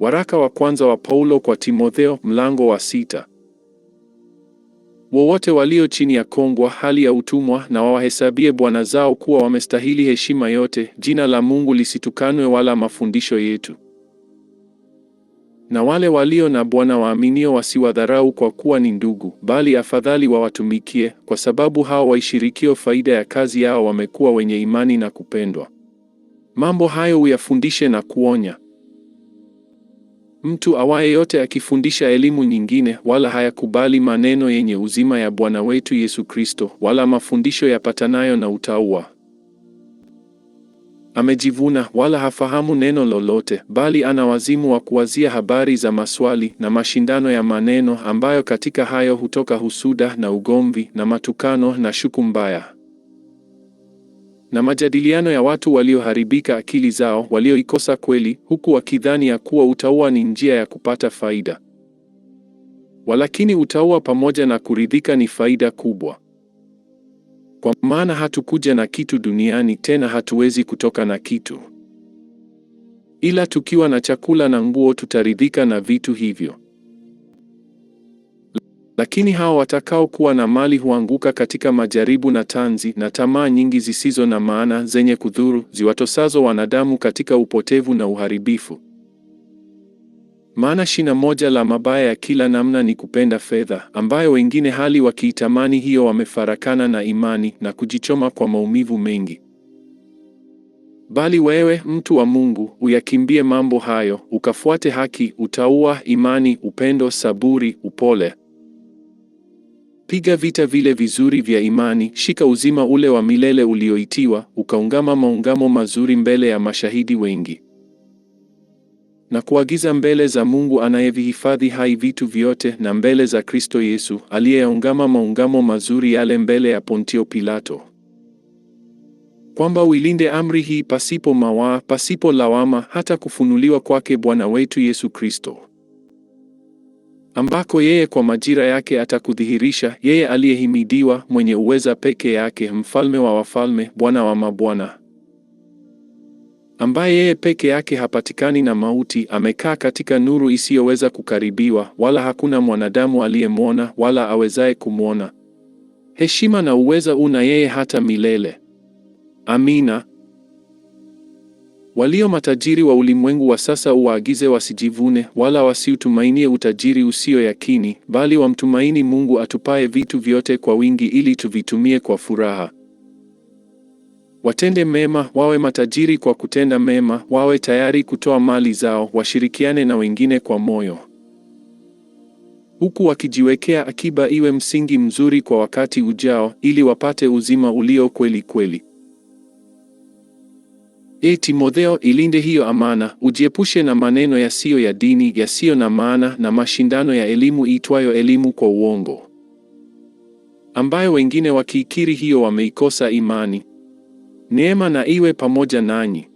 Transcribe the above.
Waraka wa kwanza wa Paulo kwa Timotheo mlango wa sita. Wowote walio chini ya kongwa hali ya utumwa na wawahesabie bwana zao kuwa wamestahili heshima yote, jina la Mungu lisitukanwe wala mafundisho yetu. Na wale walio na bwana waaminio wasiwadharau kwa kuwa ni ndugu, bali afadhali wawatumikie, kwa sababu hao waishirikio faida ya kazi yao wamekuwa wenye imani na kupendwa. Mambo hayo uyafundishe na kuonya. Mtu awaye yote akifundisha elimu nyingine, wala hayakubali maneno yenye uzima ya Bwana wetu Yesu Kristo, wala mafundisho yapatanayo na utauwa, amejivuna, wala hafahamu neno lolote, bali ana wazimu wa kuwazia habari za maswali na mashindano ya maneno, ambayo katika hayo hutoka husuda na ugomvi na matukano na shuku mbaya na majadiliano ya watu walioharibika akili zao, walioikosa kweli, huku wakidhani ya kuwa utaua ni njia ya kupata faida. Walakini utaua pamoja na kuridhika ni faida kubwa. Kwa maana hatukuja na kitu duniani, tena hatuwezi kutoka na kitu. Ila tukiwa na chakula na nguo tutaridhika na vitu hivyo. Lakini hao watakaokuwa na mali huanguka katika majaribu na tanzi na tamaa nyingi zisizo na maana zenye kudhuru, ziwatosazo wanadamu katika upotevu na uharibifu. Maana shina moja la mabaya ya kila namna ni kupenda fedha, ambayo wengine hali wakiitamani hiyo wamefarakana na imani na kujichoma kwa maumivu mengi. Bali wewe mtu wa Mungu, uyakimbie mambo hayo, ukafuate haki, utaua imani, upendo, saburi, upole piga vita vile vizuri vya imani, shika uzima ule wa milele ulioitiwa, ukaungama maungamo mazuri mbele ya mashahidi wengi, na kuagiza mbele za Mungu anayevihifadhi hai vitu vyote, na mbele za Kristo Yesu aliyeyaungama maungamo mazuri yale mbele ya Pontio Pilato, kwamba uilinde amri hii pasipo mawaa, pasipo lawama, hata kufunuliwa kwake Bwana wetu Yesu Kristo ambako yeye kwa majira yake atakudhihirisha, yeye aliyehimidiwa, mwenye uweza peke yake, mfalme wa wafalme, Bwana wa mabwana, ambaye yeye peke yake hapatikani na mauti, amekaa katika nuru isiyoweza kukaribiwa, wala hakuna mwanadamu aliyemwona wala awezaye kumwona. Heshima na uweza una yeye hata milele. Amina. Walio matajiri wa ulimwengu wa sasa uwaagize wasijivune wala wasiutumainie utajiri usio yakini, bali wamtumaini Mungu atupaye vitu vyote kwa wingi ili tuvitumie kwa furaha. Watende mema, wawe matajiri kwa kutenda mema, wawe tayari kutoa mali zao, washirikiane na wengine kwa moyo, huku wakijiwekea akiba iwe msingi mzuri kwa wakati ujao, ili wapate uzima ulio kweli kweli. E Timotheo, ilinde hiyo amana, ujiepushe na maneno yasiyo ya dini, yasiyo na maana, na mashindano ya elimu iitwayo elimu kwa uongo, ambayo wengine wakiikiri hiyo wameikosa imani. Neema na iwe pamoja nanyi.